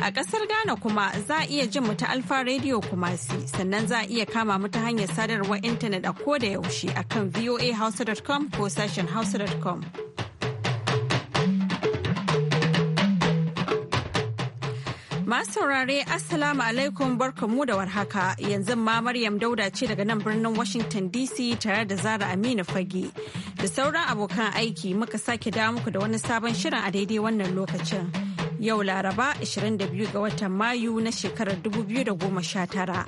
A ƙasar Ghana kuma za a iya jin mu ta Alfa Radio Kumasi sannan za a iya kama mu ta hanyar sadarwar intanet a ko da yaushe a kan voahouse.com ko sashen house.com. Masu saurare Assalamu alaikum barkamu da warhaka yanzu ma Maryam Dauda ce daga nan birnin Washington DC tare da Zara Aminu Fage da sauran abokan aiki muka sake dawo muku da wani sabon shirin a daidai wannan lokacin. yau laraba 22 ga watan mayu na shekarar 2019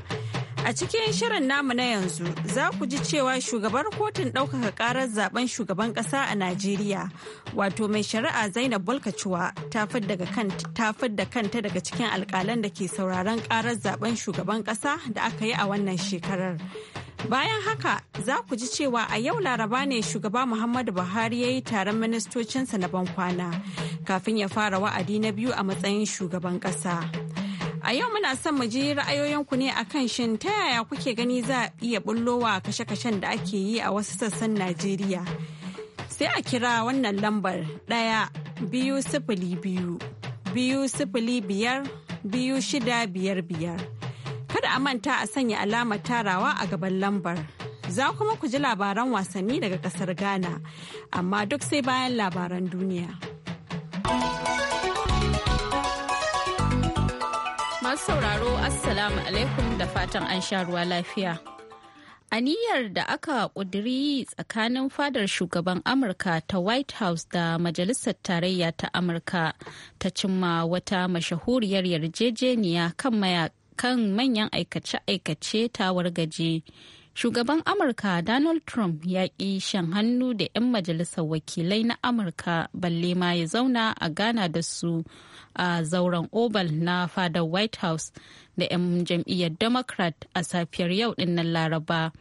a cikin shirin namu na yanzu za ku ji cewa shugabar kotun ɗaukaka ƙarar zaben shugaban ƙasa a najeriya wato mai shari'a zainab bulkacuwa ta fidda kanta daga cikin alƙalan da ke sauraron ƙarar zaben shugaban ƙasa da aka yi a wannan shekarar Bayan haka za ku ji cewa a yau laraba ne shugaba Muhammadu Buhari ya yi taron ministocinsa na bankwana kafin ya fara wa'adi na biyu a matsayin shugaban ƙasa. A yau muna son mu ji ra'ayoyinku ne a kan shin ta yaya kuke gani za a iya bullowa kashe-kashen da ake yi a wasu sassan Najeriya. Sai a kira wannan lambar ɗaya biyu sifili biyu biyu sifili biyar biyu shida biyar biyar. Kada a manta a sanya alamar tarawa a gaban lambar. Za kuma ku ji labaran wasanni daga kasar Ghana, amma duk sai bayan labaran duniya. Masu sauraro, Assalamu alaikum da fatan an sha ruwa lafiya. aniyar da aka ƙudiri tsakanin fadar shugaban amurka ta white house da majalisar tarayya ta amurka ta cimma wata mashahuriyar yarjejeniya kan kan manyan aikace-aikace ta wargaje. Shugaban Amurka Donald Trump ya ƙi shan hannu da 'yan majalisar wakilai na Amurka balle ma ya zauna a gana da su a zauren Oval na fadar White House da 'yan jam'iyyar Democrat a safiyar yau dinnan Laraba.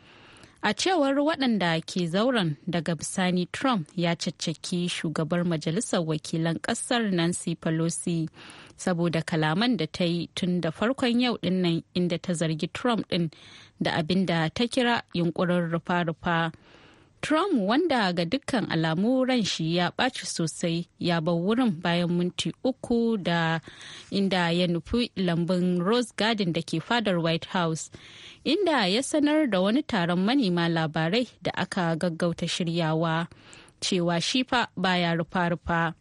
A cewar waɗanda ke zauren daga bisani Trump ya caccaki shugabar majalisar wakilan ƙasar Nancy Pelosi saboda kalaman da ta yi tun da farkon yau dinnan inda ta zargi Trump din da abin da ta kira yunkurin rufa-rufa. Trump wanda ga dukkan alamu ran shi ya ɓaci sosai ya bar wurin bayan minti uku da inda ya nufi lambun Rose Garden da ke fadar White House inda ya sanar da wani taron manema labarai da aka gaggauta shiryawa cewa shi fa baya rufa-rufa.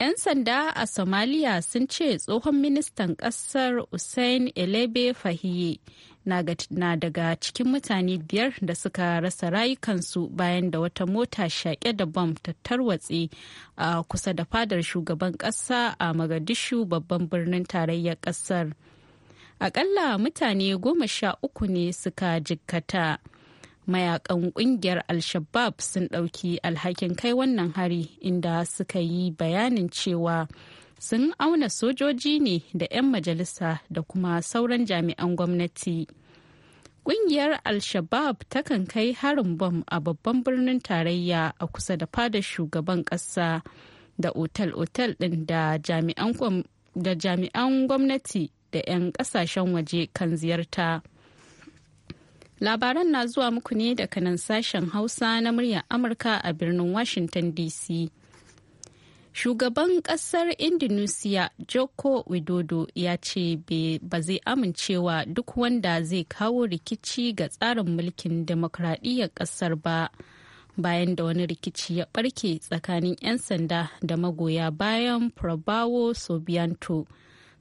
'Yan sanda a Somalia sun ce tsohon ministan ƙasar Usain Elebe Fahiye na daga cikin mutane biyar da suka rasa rayukansu bayan da wata mota shaƙe da bom ta tarwatse a kusa da fadar shugaban ƙasa a Magadishu babban birnin tarayyar ƙasar. akalla mutane goma sha uku ne suka jikkata. mayakan kungiyar al-shabab sun ɗauki alhakin kai wannan hari inda suka yi bayanin cewa sun auna sojoji ne da 'yan majalisa da kuma sauran jami'an gwamnati kungiyar al-shabab takan kai harin bom a babban birnin tarayya a kusa da fadar shugaban ƙasa da otal-otal ɗin da jami'an gwamnati da 'yan ƙasashen waje kan ziyarta. Labaran na zuwa muku ne daga nan sashen Hausa na muryar Amurka a birnin Washington DC. Shugaban ƙasar Indonesia Joko Widodo ya ce ba zai amincewa duk wanda zai kawo rikici ga tsarin mulkin demokradiyyar ƙasar ba. Bayan da wani rikici ya ɓarke tsakanin 'yan sanda da magoya bayan Prabowo Sobianto.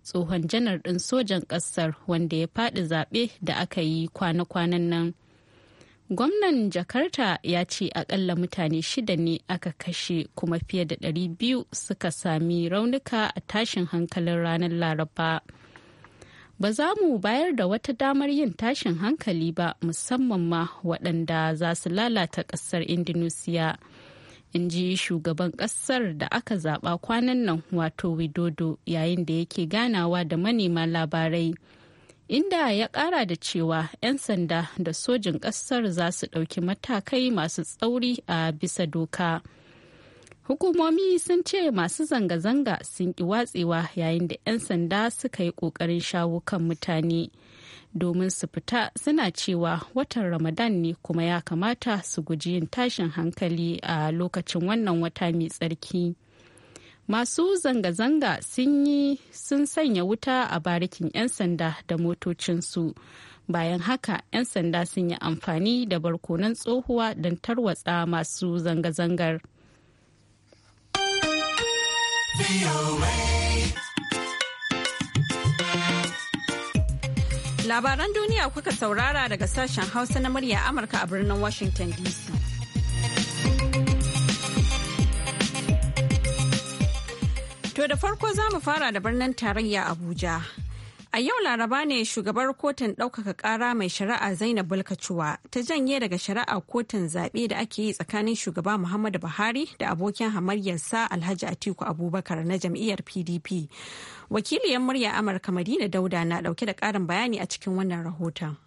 tsohon janar ɗin sojan ƙasar wanda ya faɗi zaɓe da aka yi kwana-kwanan nan. Gwamnan Jakarta ya ce akalla mutane shida ne aka kashe kuma fiye da ɗari biyu suka sami raunuka a tashin hankalin ranar Laraba. Ba za mu bayar da wata damar yin tashin hankali ba musamman ma waɗanda za su lalata ƙasar Indonesia. in ji shugaban kasar da aka zaba kwanan nan wato widodo yayin da yake ganawa da manema labarai inda ya kara da cewa 'yan sanda da sojin kasar za su ɗauki matakai masu tsauri a bisa doka hukumomi sun ce masu zanga-zanga sun ki watsewa yayin da 'yan sanda suka yi ƙoƙarin shawo kan mutane. domin su fita suna cewa watan ramadan ne kuma ya kamata su guji yin tashin hankali a lokacin wannan wata mai tsarki masu zanga-zanga sun yi sun sanya wuta a barikin 'yan sanda da motocinsu bayan haka 'yan sanda sun yi amfani da barkonan tsohuwa don tarwatsa masu zanga-zangar. Labaran duniya kuka saurara daga sashen Hausa na murya Amurka a birnin Washington DC. To da farko za mu fara da birnin tarayya Abuja. A yau Laraba ne shugabar kotun ɗaukaka ƙara mai shari'a Zainab Bulkacuwa ta janye daga shari'a kotun zaɓe da ake yi tsakanin shugaba Muhammadu Buhari da abokin hamayyar hamayyarsa Alhaji Atiku Abubakar na jam'iyyar PDP. Wakiliyar murya Amurka Madina Dauda na ɗauke da ƙarin bayani a cikin wannan rahoton.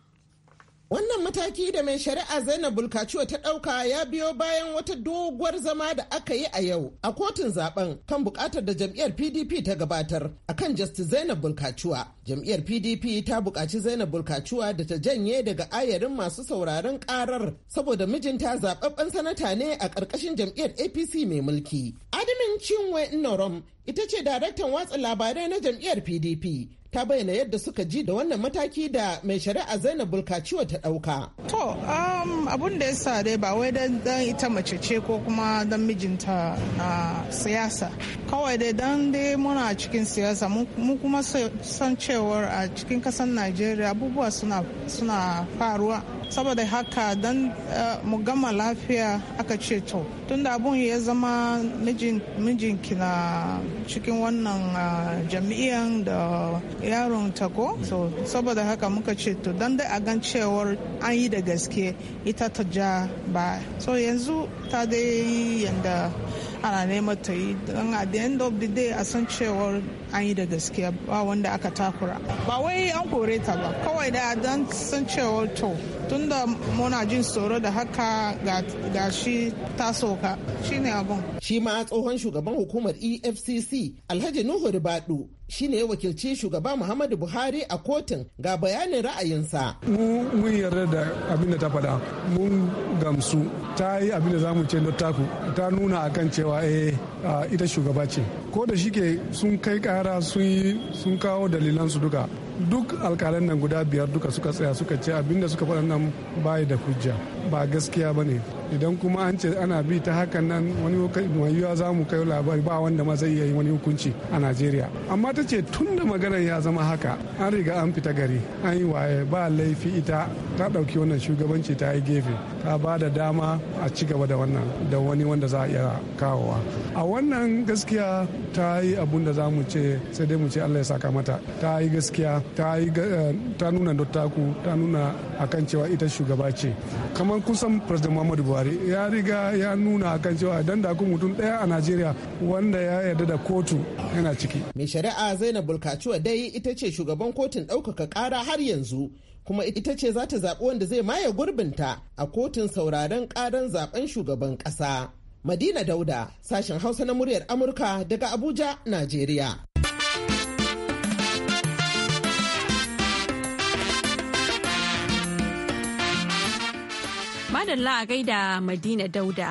Wannan mataki da mai shari'a Zainab Bulkaciwa ta ɗauka ya biyo bayan wata doguwar zama da aka yi a yau a kotun zaben kan buƙatar da jam'iyyar PDP ta gabatar a kan Justice Zainab Bulkaciwa. Jam'iyyar PDP ta buƙaci Zainab Bulkaciwa da ta janye daga ayarin masu sauraron ƙarar saboda mijinta zaɓaɓɓen sanata ne a ƙarƙashin jam'iyyar APC mai mulki. Adamin Chinwe Nnorom ita ce daraktan watsa labarai na jam'iyyar PDP. ta bayyana yadda suka ji da wannan mataki da mai shari'a zainab bulkaciwa ta dauka. to um, abun da ya sa dai ba wai dan ita mace ce ko kuma dan mijinta na siyasa kawai dai dan dai muna cikin siyasa mu kuma san cewar a cikin kasan najeriya abubuwa suna faruwa saboda haka don eh, mu gama lafiya aka ce to tunda abun ya zama mijinki na cikin wannan eh, jam'iyyar da yaron tako so saboda haka muka ce to don dai a gan cewar an yi da gaske ita ta ja ba so yanzu ta dai yanda ana neman ta yi don a the end of the day a san cewar an yi da gaskiya ba wanda aka takura ba wai an kore ta ba kawai da don san cewar to tunda muna jin tsoro da haka ga shi ta soka shine abun shi ma tsohon shugaban hukumar efcc alhaji nuhu ribadu shine ya wakilci shugaba Muhammadu Buhari a kotun ga bayanin ra'ayinsa. Mun yarda da abin da ta faɗa, mun gamsu ta yi abin da za mu ce taku ta nuna a kan cewa eh ita shugaba ce. Ko da shike sun kai kara sun kawo dalilansu duka. duk alkalan nan guda biyar duka suka tsaya suka ce abinda suka faɗa nan bai da hujja ba gaskiya ba ne idan kuma an ce ana bi ta hakan nan wani yiwuwa za mu kai labari ba wanda ma zai yi wani hukunci a najeriya amma ta ce tun da maganar ya zama haka an riga an fita gari an yi waye ba laifi ita ta ɗauki wannan shugabanci ta yi gefe ta ba da dama a ci gaba da wannan da wani wanda za a iya kawowa a wannan gaskiya ta yi abun da za mu ce sai dai mu ce allah ya saka mata ta yi gaskiya Eh, ta nuna dottaku ta nuna akan cewa ita shugaba ce kamar kusan president muhammadu buhari ya riga ya nuna akan cewa idan da mutum daya a najeriya wanda ya yarda da kotu yana ciki mai shari'a zainab bulkaciwa dai ita ce shugaban kotun ɗaukaka ƙara har yanzu kuma ita ce za ta zaɓi wanda zai maye gurbinta a kotun sauraron ƙaran zaɓen shugaban ƙasa madina dauda sashen hausa na muryar amurka daga abuja najeriya Madalla a gaida Madina Dauda.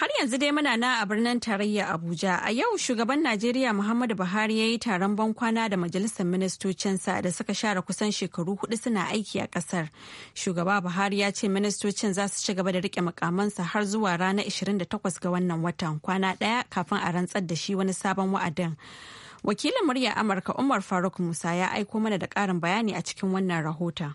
Har yanzu dai muna na a birnin tarayya Abuja a yau shugaban Najeriya Muhammadu Buhari ya yi taron bankwana da majalisar ministocinsa da suka share kusan shekaru hudu suna aiki a kasar. Shugaba Buhari ya ce ministocin za su ci gaba da rike makamansa har zuwa ranar 28 ga wannan watan kwana daya kafin a rantsar da shi wani sabon wa'adin. Wakilin murya Amurka Umar Faruk Musa ya aiko mana da ƙarin bayani a cikin wannan rahoton.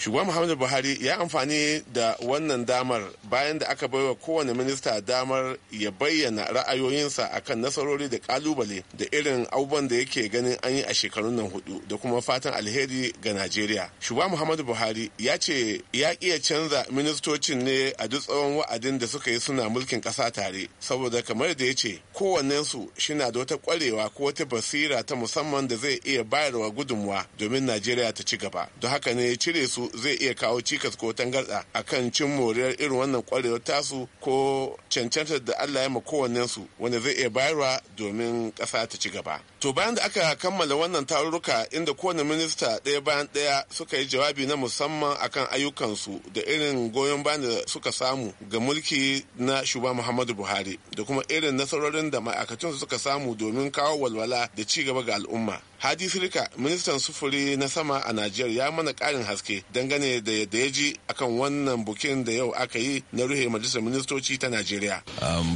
Shugaban Muhammadu Buhari ya amfani da wannan damar bayan da aka baiwa kowane minista damar ya bayyana ra'ayoyinsa akan nasarori da kalubale da irin abubuwan da yake ganin an yi a shekarun nan hudu da kuma fatan alheri ga Najeriya. Shugaban Muhammadu Buhari ya ce ya iya canza ministocin ne a duk tsawon wa'adin da suka yi suna mulkin ƙasa tare saboda kamar da ya ce kowannensu shina da wata kwarewa ko wata basira ta musamman da zai iya bayarwa gudunmuwa domin Najeriya ta ci gaba. Don haka ne ya cire su zai iya kawo cikas ko tangarɗa akan cin moriyar irin wannan kwarewar tasu ko cancantar da Allah ya ma kowannen su wanda zai iya bayarwa domin ƙasa ta ci gaba. To bayan da aka kammala wannan tarurruka inda kowane minista ɗaya bayan ɗaya suka yi jawabi na musamman akan ayyukansu da irin goyon bayan da suka samu ga mulki na shuba Muhammadu Buhari da kuma irin nasarorin da ma'aikatunsu suka samu domin kawo walwala da ci gaba ga al'umma. Hadi Sirika ministan sufuri na sama a Najeriya ya mana ƙarin haske dangane da yadda ya ji akan wannan bukin da yau aka yi na ruhe majalisar ministoci ta Najeriya.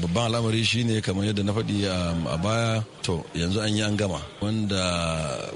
Babban al'amari shi ne kamar yadda na faɗi a baya to yanzu an yi an gama wanda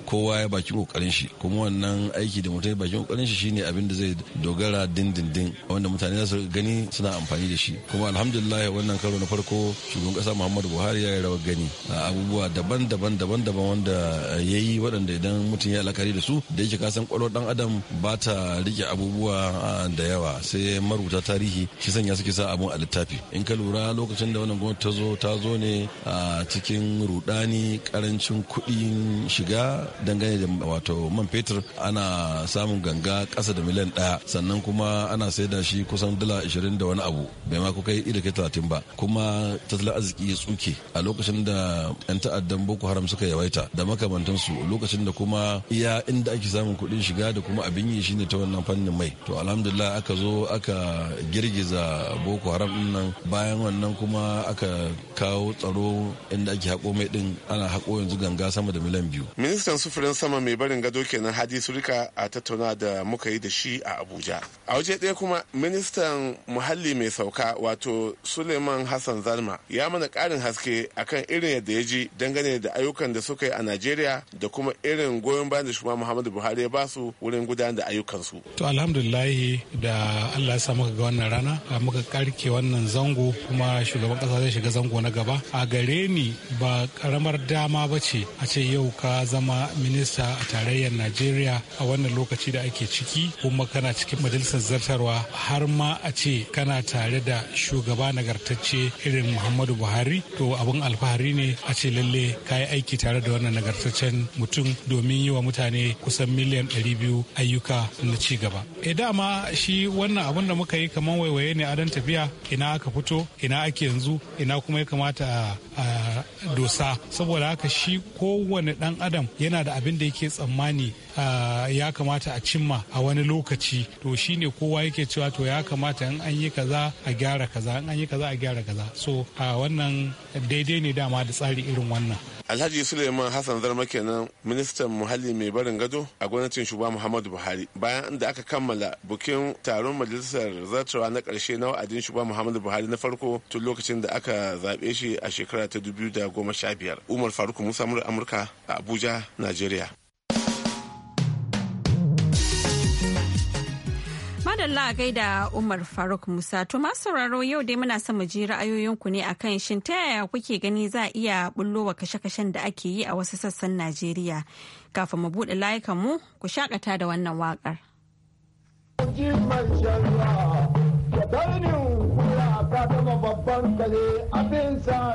kowa ya baki kokarin shi kuma wannan aiki da mutum ya baki kokarin shi shine abin da zai dogara dindindin wanda mutane za su gani suna amfani da shi kuma alhamdulillah wannan karo na farko shugaban kasa Muhammadu Buhari ya yi rawar gani abubuwa daban-daban daban-daban wanda ya yi waɗanda idan mutum ya alakari da su da yake kasan kwalwar dan adam ba ta rike abubuwa da yawa sai marubuta tarihi shi sanya suke sa abun a littafi in ka lura lokacin da wannan gwamnati ta zo ta zo ne a cikin rudani karancin kuɗin shiga dangane da wato man fetur ana samun ganga ƙasa da miliyan ɗaya sannan kuma ana saida shi kusan dala ishirin da wani abu bai ma kai ida kai talatin ba kuma tattalin arziki ya tsuke a lokacin da 'yan ta'addan boko haram suka yawaita da makamantansu su lokacin da kuma iya inda ake samun kuɗin shiga da kuma abin yi shine ta wannan fannin mai to alhamdulillah aka zo aka girgiza boko haram din nan bayan wannan kuma aka kawo tsaro inda ake haƙo mai din ana haƙo yanzu ganga sama da miliyan biyu ministan sufurin sama mai barin gado kenan hadi surika a tattauna da muka yi da shi a abuja a waje ɗaya kuma ministan muhalli mai sauka wato suleiman hassan zalma ya mana ƙarin haske akan irin yadda ya ji dangane da ayyukan da suka yi a najeriya da kuma irin goyon bayan da shugaban muhammadu buhari ya basu wurin gudanar da ayyukansu to alhamdulillahi da allah ya sa muka ga wannan rana muka karke wannan zango kuma shugaban kasa zai shiga zango na gaba a gare ni ba karamar dama ba ce a ce yau ka zama minista a tarayyar najeriya a wannan lokaci da ake ciki kuma kana cikin majalisar zartarwa har ma a ce kana tare da shugaba nagartacce irin muhammadu buhari to abin alfahari ne a ce lalle ka yi aiki tare da wannan nagartaccen mutum domin yi wa mutane kusan miliyan 200 ayyuka na ci gaba. E dama shi wannan abin da muka yi kamar waiwaye ne a don tafiya ina aka fito ina ake yanzu ina kuma ya kamata a dosa saboda haka shi kowane dan adam yana da abin da yake tsammani ya kamata a cimma a wani lokaci to shine kowa yake cewa to ya kamata in an yi kaza a gyara kaza in an yi kaza a gyara kaza so a wannan daidai ne dama da tsari irin wannan alhaji suleiman hassan zarma kenan ministan muhalli mai barin gado a gwamnatin shugaba muhammadu buhari bayan da aka kammala bukin taron majalisar zartawa na karshe na wa'adin shugaba muhammadu buhari na farko tun lokacin da aka zaɓe shi a shekara ta 2015 umar faruk musa amurka a abuja najeriya gaida Umar Faruk Musa. To masu sauraro yau dai muna son mu ji ra'ayoyinku ne akan shin ta yaya kuke gani za a iya bullo wa kashe-kashen da ake yi a wasu sassan Najeriya. Kafin mu buɗe layukan mu ku shakata da wannan waƙar. babban kare abin sa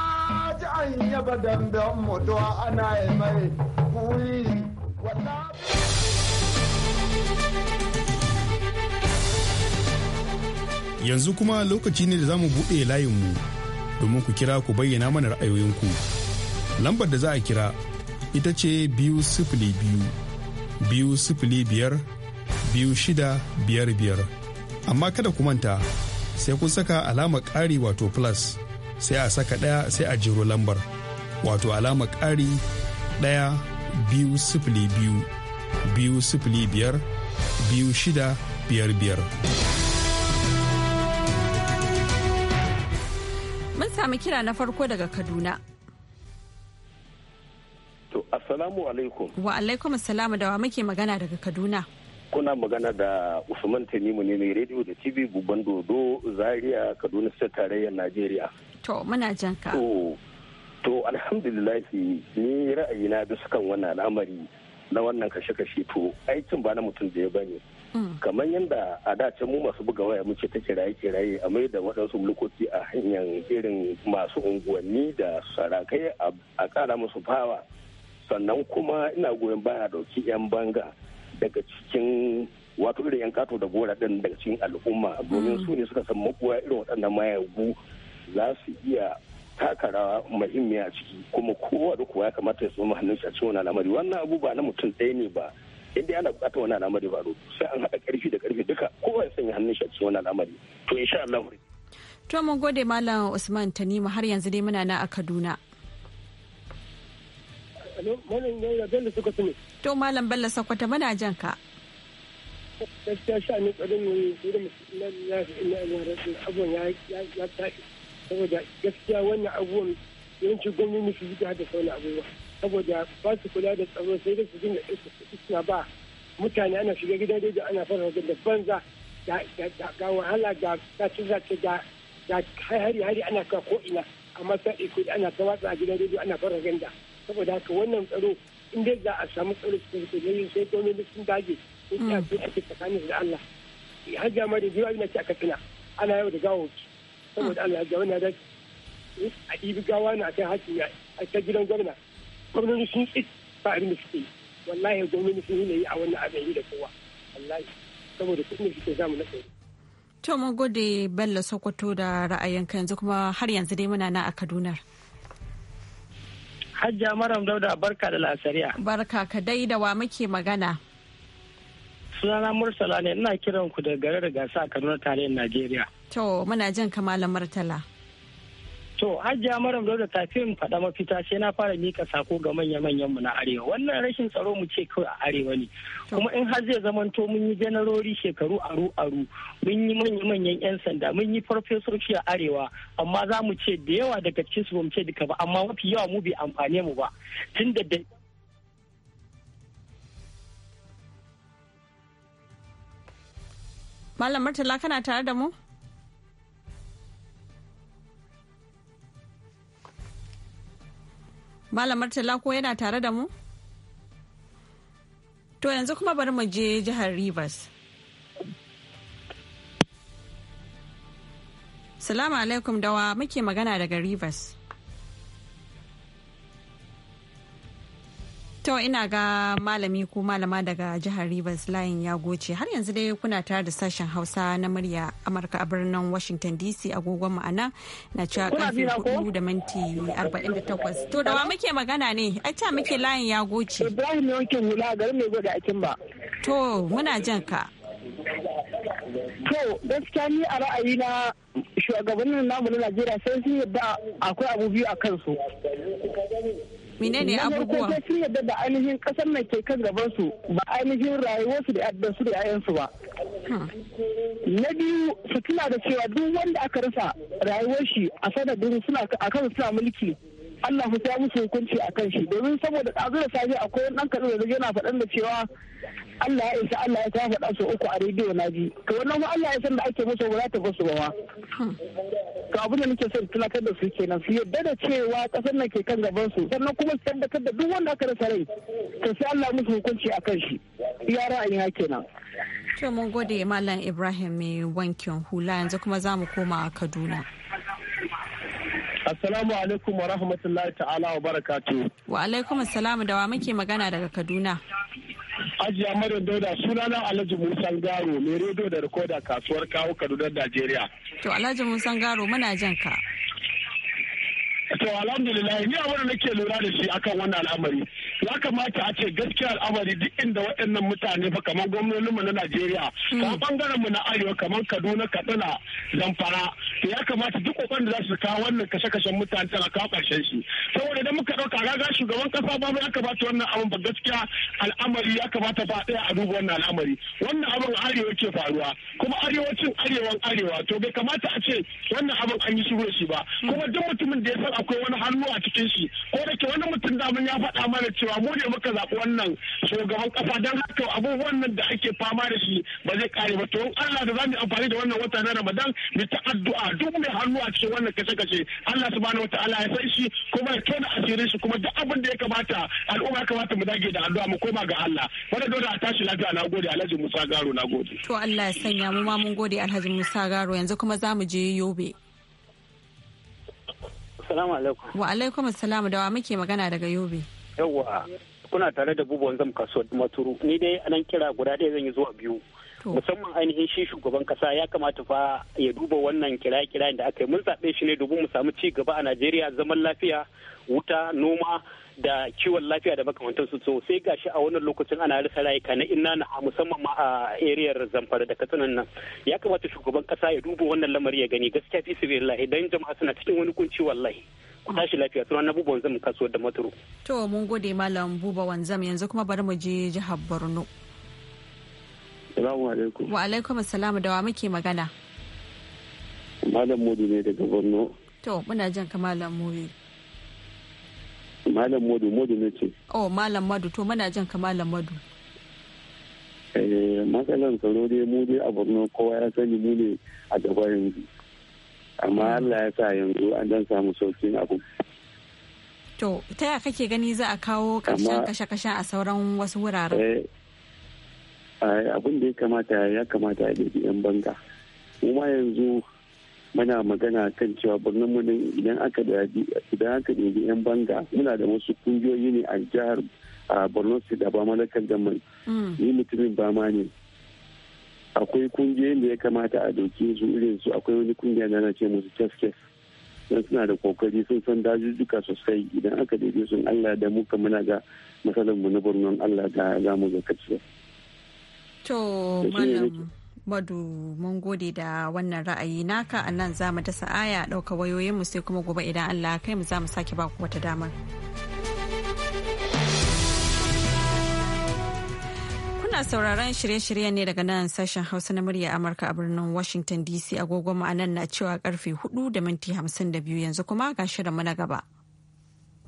yanzu kuma lokaci ne da za mu buɗe layinmu domin ku kira ku bayyana mana ra'ayoyinku lambar da za a kira ita ce biyu sifili biyu biyu sifili biyar biyu shida biyar biyar amma kada ku manta sai kun saka alamar ƙari wato plus sai a saka ɗaya sai a jiro lambar wato alama ƙari ɗaya biyu sifili biyu biyu sifili biyar biyu shida biyar biyar. Mun sami kira na farko daga Kaduna. To, Assalamu alaikum. Wa alaikum assalamu da wa muke magana daga Kaduna. Kuna magana da Usman Tanimu ne mai rediyo da TV Bubban Dodo Zaria Kaduna State Tarayyar Najeriya. To muna jan ka. To alhamdulillahi ni ra'ayina bisa kan wannan al'amari na wannan kashe-kashe to aikin ba na mutum da ya bane. Mm. Kamar yadda a dace mu masu buga waya muke ta kiraye-kiraye a mai da waɗansu lokaci a hanyar irin masu unguwanni da sarakai a ƙara musu fawa. Sannan kuma ina goyon baya dauki 'yan banga daga cikin wato irin 'yan kato da gora din daga cikin al'umma domin mm. su ne suka san makuwa irin waɗannan mayagu za su iya taka rawa muhimmiya a ciki kuma kowa da kowa ya kamata ya tsoma hannunsa a cikin wani al'amari wannan abu ba na mutum ɗaya ne ba inda ana bukatar wani al'amari ba sai an haɗa ƙarfi da ƙarfi duka kowa ya sanya hannun shi a cikin wani al'amari to insha Allah to mun gode malam Usman Tanimu har yanzu dai muna na a Kaduna to malam Bello Sokoto muna jan ka gaskiya sha ne tsarin ne ya fi ina ya ya tashi saboda gaskiya wannan abubuwan yawanci gwamnati su yi da haddasa wani abubuwa saboda ba su kula da tsaro sai da su dinga suna ba mutane ana shiga gida da ana fara wajen da banza ga wahala ga sace sace ga ga hari hari ana ka ko ina amma ta iko ana ta watsa a gidan rediyo ana fara ganda saboda haka wannan tsaro in dai za a samu tsaro cikin kujerin sai gwamnati sun dage sun ta mm. ake tsakanin da Allah har jama'a da biyu abin da aka tuna ana yau da gawo saboda Allah ga wannan dace a ibi gawa na kai haƙi a ta gidan gwamna gwamnati sun tsit ba abin da suke yi wallahi gwamnati sun yi a wannan abin yi da kowa wallahi saboda kuɗin da suke zamu na tsoro. To mun gode Bello Sokoto da ra'ayinka yanzu kuma har yanzu dai muna na a Kaduna. Hajja Maram Dauda barka da lasariya. Barka ka dai da wa muke magana. Sunana Mursala ne ina kiran ku da garin gasa a Kaduna tarayyar Najeriya. To muna jan kamala martala. To hajiya maram da kafin faɗa mafita sai na fara mika sako ga manya-manyanmu na arewa wannan rashin tsaro mu ce kawai a arewa ne kuma in har zai zamanto mun yi janarori shekaru aru aru mun yi manya-manyan 'yan sanda mun yi farfesoshi a arewa amma za mu ce da yawa daga cikin ba mu ce duka ba amma mafi yawa mu bai amfane mu ba tunda da Malam Murtala kana tare da mu? Malamar talako ko yana tare da mu? To yanzu kuma bari mu je jihar Rivers. Salamu alaikum dawa muke magana daga Rivers. To ina ga malami ko malama daga jihar Rivers layin ya goce har yanzu dai kuna tare da sashen Hausa na murya Amurka a birnin Washington DC agogon ma'ana na cewa karfe 4 da minti 48. To da wa muke magana ne? a ta muke layin ya goce. Ibrahim ne wankin hula garin mai gwada akin ba. To muna jan ka. To gaskiya ni a ra'ayi na shugabannin namu na Najeriya sai sun yadda akwai abu biyu a kansu. menene abubuwa na sun yadda da ainihin kasar nan ke kan gaban su ba ainihin rayuwarsu da da su da yayansu ba na biyu su tuna da cewa duk wanda aka rasa rayuwar shi a sanadin suna akan suna mulki Allah fa ya musu hukunci a kan shi domin saboda ɗazu da safe akwai ɗan kaɗu da na faɗan da cewa Allah ya isa Allah ya ta faɗa su uku a rediyo na ji to wannan ma Allah ya san da ake musu ba za ta basu ba ma to abin da nake son tunatar da su kenan su yadda da cewa ƙasar nan ke kan gaban su sannan kuma su tabbatar da duk wanda aka rasa rai to sai Allah musu hukunci a kan shi ya ra'ayina kenan to mun gode malam Ibrahim mai wankin hula yanzu kuma za mu koma Kaduna. Assalamu alaikum wa rahmatullahi ta'ala wa barakatu. Wa alaikum assalamu da wa muke magana daga Kaduna. Ajiya Maryam Dauda sunana Alhaji Musa Garo mai rediyo da rikoda kasuwar kawo Kaduna Najeriya. To Alhaji Musa Garo muna jan ka. To alhamdulillah ni abin da nake lura da shi akan wannan al'amari ya kamata a ce gaskiya al'amari duk inda waɗannan mutane ba kamar mu na Najeriya hmm. kamar bangaren mu na Arewa kamar Kaduna Katsina Zamfara to ya kamata duk kokarin da za su kawo wannan kashe-kashen mutane tana kawo ƙarshen shi saboda idan muka dauka gaga shugaban kasa ba ya kamata wannan abin ba gaskiya al'amari ya kamata ba ɗaya a duba wannan al'amari wannan abin Arewa ke faruwa kuma arewacin arewan arewa to bai kamata a ce wannan abin an yi shiru shi ba hmm. kuma duk mutumin da ya san akwai wani hannu a cikin shi ko da ke wani mutum da ya faɗa mana cewa cewa mu ne muka zaɓi wannan shugaban kafa don haka abubuwan nan da ake fama da shi ba zai kare ba to Allah da za mu amfani da wannan wata na Ramadan mu ta addu'a duk mai hannu a cikin wannan kace-kace Allah subhanahu wataala ya san shi kuma ya tona asirin shi kuma duk abin da ya kamata al'umma ya kamata mu dage da addu'a mu koma ga Allah wanda dole a tashi lafiya na gode Alhaji Musa Garo na gode to Allah ya sanya mu ma mun gode Alhaji Musa Garo yanzu kuma za mu je Yobe Assalamu alaikum. Wa alaikum assalamu da wa muke magana daga Yobe. yawa kuna tare da bubuwan zam kasuwar maturu ni dai anan kira guda ɗaya zan yi zuwa biyu musamman ainihin shi shugaban kasa ya kamata fa ya duba wannan kiraye-kirayen da aka yi mun zaɓe shi ne domin mu samu ci gaba a najeriya zaman lafiya wuta noma da kiwon lafiya da su so sai gashi a wannan lokacin ana rasa rayuka na inna na musamman ma a eriyar zamfara da katsinan nan ya kamata shugaban kasa ya duba wannan lamari ya gani gaskiya fi su lahi idan jama'a suna cikin wani kunci wallahi tashi lafiya suna na buba wanzam kaso da maturu. To mun gode malam buba wanzam yanzu kuma bari mu je jihar Borno. Salamu alaikum. Wa alaikum assalamu da wa muke magana. Malam Modu ne daga Borno. To muna jan ka malam Modu. Malam Modu Modu ne ce. Oh malam Madu to muna jan ka malam Madu. Eh, matsalan tsaro dai mu dai a borno kowa ya sani mu ne a gaba yanzu amma Allah ya sa yanzu an dan samu saukin abu to ta ya kake gani za a kawo ƙarshen kashe-kashe a sauran wasu wuraren eh, abin da ya kamata ya kamata a ɗauki 'yan banga kuma yanzu muna magana kan cewa birnin mu idan aka idan aka 'yan banga muna da wasu kungiyoyi ne a jihar borno state da ba malakar da mai ni mutumin bama ne akwai kungiyoyin da ya kamata a doki su irin su akwai wani kungiya da ana ce musu tafkes don suna da kokari sun san dajujjuka sosai idan aka daidai sun allah da muka muna ga matsalar mu na birnin allah da za mu ga kaciya. to malam Madu mun gode da wannan ra'ayi naka a nan za mu dasa aya ɗauka wayoyinmu sai kuma gobe idan Allah kai mu za mu sake ba ku wata damar. Kuna sauraron shirye-shiryen ne daga nan sashen Hausa na murya Amurka a birnin Washington DC agogo ma'anan na cewa karfe 4 da minti 52 yanzu kuma ga shirinmu na gaba.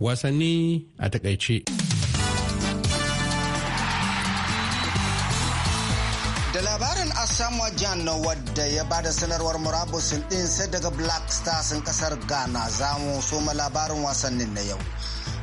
Wasanni a takaice. Da labarin Asamoah Jan wadda ya bada sanarwar murabusin sai daga Black Stars in kasar Ghana za mu soma labarin wasannin na yau.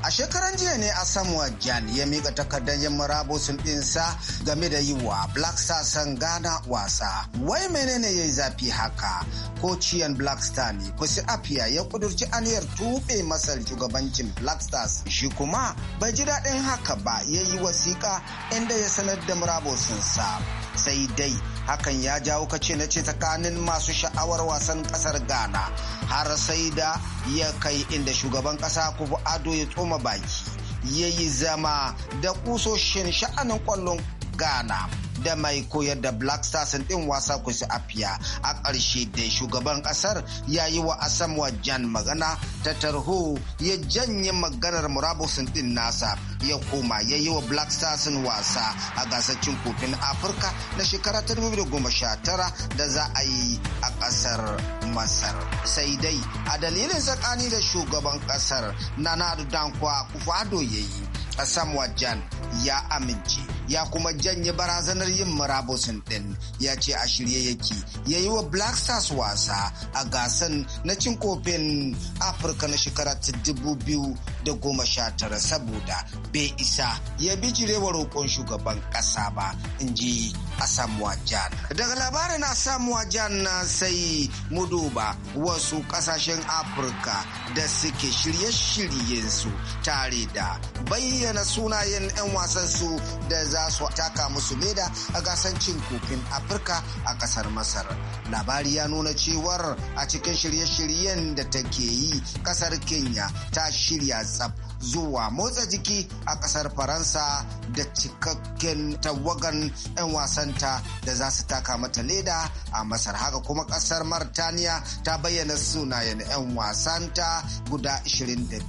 A shekaran jiya ne a samuwa Jan ya mika takardar yin murabusun ɗinsa game da yi wa Black Stars Ghana wasa. Wai menene ya yi zafi haka? Ko ciyan Black Star ne kusi afiya ya kudurci aniyar tuɓe masar shugabancin Black Stars. Shi kuma bai ji daɗin haka ba ya yi wasiƙa inda ya sanar da murabusunsa. Sai dai hakan ya jawo kace na ce tsakanin masu sha'awar wasan kasar ghana har sai da ya kai inda shugaban kasa kufu ado ya tsoma baki ya yi zama da kusoshin sha'anin kwallon ghana da mai koyar da black stars din wasa kusa afiya a ƙarshe da shugaban ƙasar ya yi wa asamwa jan magana ta tarho ya janye maganar murabusin ɗin nasa ya koma ya yi wa black stars wasa a gasar cin kofin afirka na shekara ta 2019 da za a yi a ƙasar masar sai dai a dalilin tsakani da shugaban ƙasar nana dankwa kufado ya yi ƙasar Jan ya amince ya kuma janye barazanar yin murabusin din ya ce a shirye yake ya yi wa black stars wasa a gasan na cin kofin afirka na shekarar ta dubu da goma sha tara saboda bai isa ya bijire wa roƙon shugaban ƙasa ba in ji asamuwa jan daga labarin asamuwa jan na sai Muduba wasu kasashen afirka da suke shirye su tare da bayyana sunayen 'yan wasan su da za su taka musu leda a gasan cin kofin afirka a kasar masar labari ya nuna cewar a cikin shirye-shiryen da take yi kasar kenya ta shirya tsab zuwa motsa jiki a kasar faransa da cikakken tawagan 'yan wasanta da za su taka mata leda a masar haka kuma kasar martaniya ta bayyana sunayen 'yan wasanta guda 25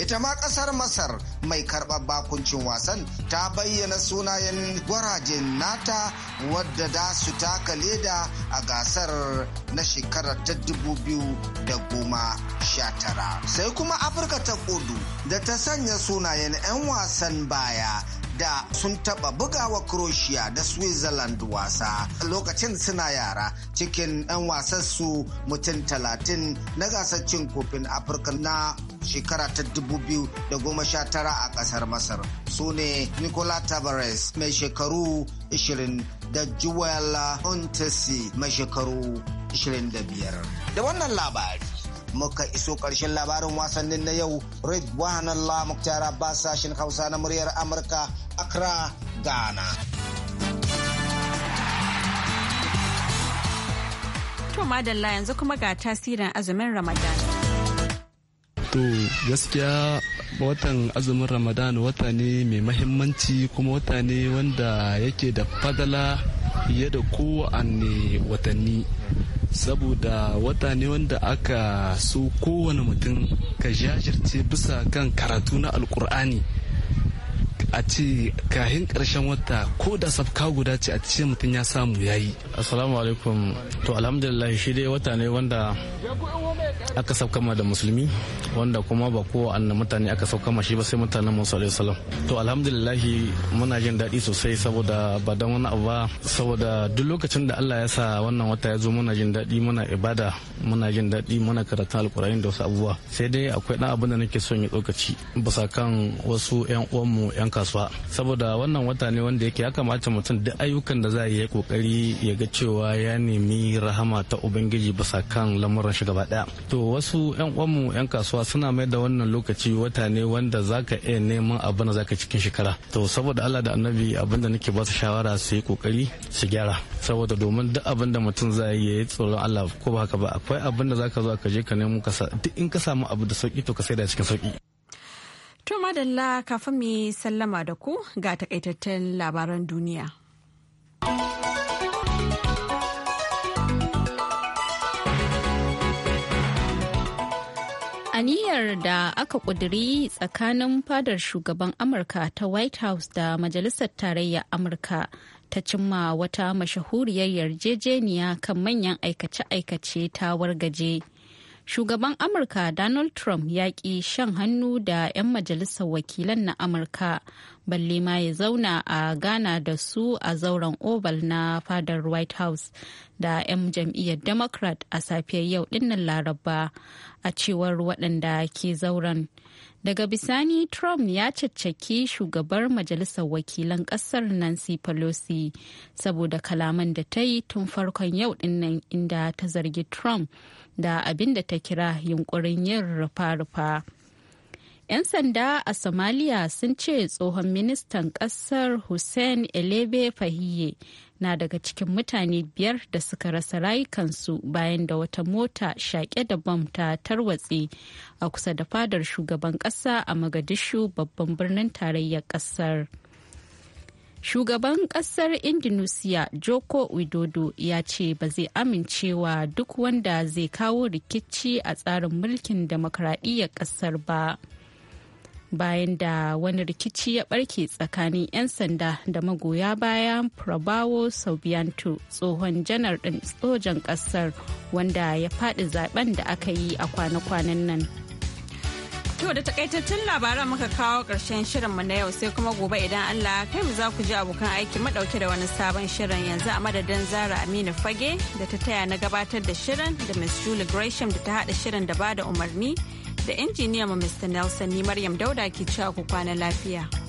ita ma kasar masar mai karɓar bakuncin wasan ta bayyana sunayen gwarajen nata wadda da su taka leda a gasar na shekarar ta 2019 sai kuma afirka ta kudu da ta sanya sunayen 'yan wasan baya da sun taba bugawa croatia da switzerland wasa lokacin suna yara cikin 'yan wasan su mutum talatin na gasar cin kofin afirka na shekara ta 2019 a kasar masar su ne nicola tavares mai shekaru 20 da joel mai shekaru 25 da wannan labari muka iso karshen labarin wasannin na yau red wahanallah muktar ba sashen hausa na muryar amurka accra ghana to madalla yanzu kuma ga tasirin azumin ramadan to gaskiya watan azumin ramadan wata ne mai mahimmanci kuma wata ne wanda yake da fadala fiye da kowane watanni saboda wata ne wanda aka so kowane mutum ka jajirce bisa kan karatu na alkur'ani a ce kahin karshen wata ko da safka guda ce a ce mutum ya samu ya yi assalamu alaikum to alhamdulillah shi dai wata ne wanda aka sauka ma da musulmi wanda kuma ba ko annan mutane aka sauka ma shi ba sai mutanen musu alaihi salam to alhamdulillah muna jin daɗi sosai saboda ba dan wani abu ba saboda duk lokacin da Allah ya sa wannan wata ya zo muna jin daɗi muna ibada muna jin daɗi muna karatun alkur'ani da wasu abubuwa sai dai akwai ɗan abin da nake son ya tsokaci bisa kan wasu 'yan uwanmu 'yan kasuwa kasuwa saboda wannan wata ne wanda yake ya kamata mutum duk ayyukan da za a yi kokari ya ga cewa ya nemi rahama ta ubangiji bisa kan lamuran shi gaba daya to wasu yan uwanmu yan kasuwa suna mai da wannan lokaci wata ne wanda zaka iya neman abin da zaka cikin shekara to saboda Allah da annabi abin da nake ba su shawara su yi kokari su gyara saboda domin duk abin da mutum za yi ya yi tsoron Allah ko ba haka ba akwai abin da zaka zo ka je ka nemo ka duk in ka samu abu da sauki to ka sai da cikin sauki To madalla kafin mu sallama da ku ga takaitattun labaran duniya. Aniyar da aka ƙudiri tsakanin fadar shugaban Amurka ta White House da Majalisar tarayya Amurka ta cimma wata mashahuriyar yarjejeniya kan manyan aikace-aikace ta wargaje. shugaban amurka donald trump ya ƙi shan hannu da 'yan majalisar wakilan na amurka balle ma ya zauna a ghana da su a zauren oval na fadar white house da 'yan jam'iyyar democrat a safiyar yau dinnan laraba a cewar waɗanda ke zauren daga bisani trump ya caccaki shugabar majalisar wakilan ƙasar nancy pelosi saboda kalaman da ta yi tun farkon yau dinnan inda ta zargi trump da abin da ta kira yunkurin yin rufa-rufa. 'Yan sanda a Somalia sun ce tsohon ministan ƙasar Hussein Elebe Fahiye na daga cikin mutane biyar da suka rasa rayukansu bayan da wata mota shaƙe da bam ta tarwatse a kusa da fadar shugaban ƙasa a Magadishu babban birnin tarayyar ƙasar. Shugaban kasar Indonesia Joko Widodo ya ce ba zai amincewa duk wanda zai kawo rikici a tsarin mulkin demokradiyyar kasar ba. Bayan da wani rikici ya barke tsakanin 'yan sanda da magoya bayan Prabowo Subianto tsohon janar ɗin tsojan kasar wanda ya faɗi zaben da aka yi a kwana-kwanan nan. To da takaitaccen labaran muka kawo ƙarshen mu na yau sai kuma gobe idan Allah kai mu za ku ji abokan aiki madauke da wani sabon shirin yanzu a madadin Zara Aminu Fage da ta taya na gabatar da shirin da Miss Julie Gresham da ta haɗa shirin da bada umarni da injiniya mu Mr. Nelson ni Maryam Dauda ke cewa ku kwana lafiya.